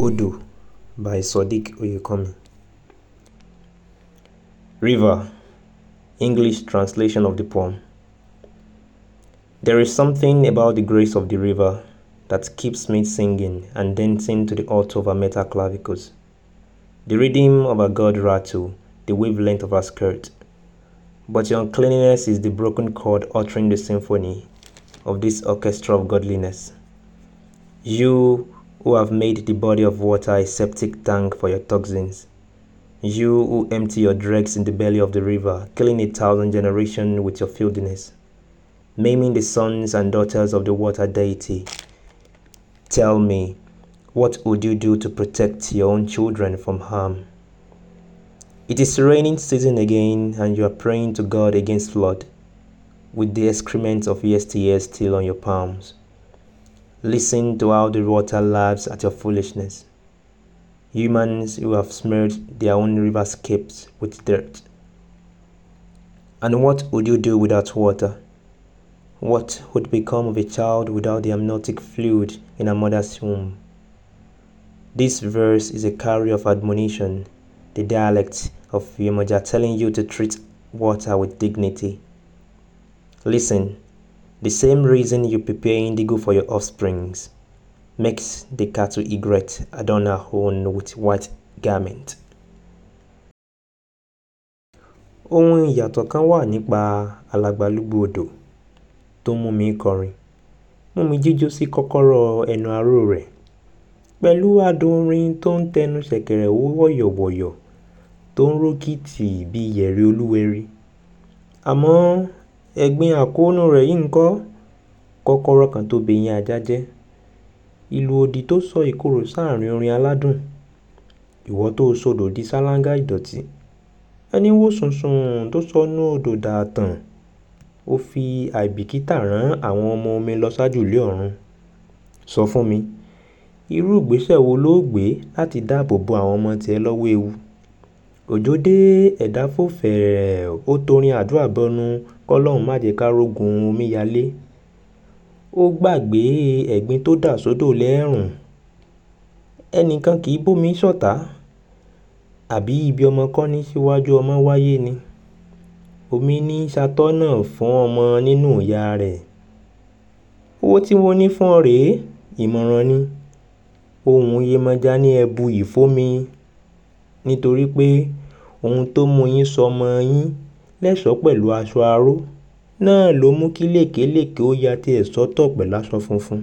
Udu, by Sadiq Oyekomi. River, English translation of the poem. There is something about the grace of the river that keeps me singing and dancing to the alto of her metal clavicles. The rhythm of her god rattle, the wavelength of her skirt. But your uncleanness is the broken chord uttering the symphony of this orchestra of godliness. You who have made the body of water a septic tank for your toxins. You who empty your dregs in the belly of the river, killing a thousand generations with your filthiness, maiming the sons and daughters of the water deity. Tell me, what would you do to protect your own children from harm? It is raining season again, and you are praying to God against flood, with the excrement of yesteryear still on your palms. Listen to how the water laughs at your foolishness. Humans who have smeared their own riverscapes with dirt. And what would you do without water? What would become of a child without the amniotic fluid in a mother's womb? This verse is a carrier of admonition, the dialect of Yemoja telling you to treat water with dignity. Listen, The same reason you prepare indigo for your offsprings makes the cattle egret adorn her own with white garment. Ohun ìyàtọ̀ kan wà nípa alàgbàlugbú odò tó mú mi kọrin, mú mi jíjó sí kọ́kọ́rọ́ ẹnu aró rẹ̀, pẹ̀lú adùn orin tó ń tẹnu ṣẹ̀kẹ̀rẹ̀ wọ́yọ̀wọ̀yọ̀ tó ń rókìtì bí yẹ̀rì olúwẹ̀rí. Àmọ́ ẹ̀gbin àkóónú rẹ̀ yìí ńkọ́ kọ́kọ́rọ́ kan tó bẹ̀yìn ajá jẹ́ ìlù òdì tó sọ ìkorò sáàrin orin aládùn ìwọ tó sọdò di ṣáláńgá ìdọ̀tí ẹni wó sùnsùn tó sọnú odò dààtàn ó fi àìbìkítà rán àwọn ọmọ omi lọ sájùlé ọ̀run sọ fún mi irú ìgbésẹ̀ wo lo ó gbé láti dáàbò bo àwọn ọmọ tiẹ̀ lọ́wọ́ ewu Òjò dé, ẹ̀dá fò fẹ̀rẹ̀, ó torin àdúrà bọnu k'Ọlọ́run má jẹ ká rógun omíyalé. Ó gbàgbé ẹ̀gbin tó dà sódò lẹ́ẹ̀rùn. Ẹni kan kì í bómi ṣọ̀tá, àbí ibi ọmọ kọ́ ní síwájú ọmọ wáyé ni. Omi ní ṣatọ́nà fún ọmọ nínú ìyá rẹ̀. Owó tí mo ní fún ọ rè é, ìmọ̀ràn ni. Ohùn Yemọja ní ẹbu yìí fó'mi nítorí pé ohun tó mú yín sọmọ yín lẹ́ṣọ̀ọ́ pẹ̀lú aṣọ aró náà ló mú kí lẹ́kẹ̀lẹ́kẹ̀ ó ya tiẹ̀ sọ́tọ̀ pẹ̀láṣọ funfun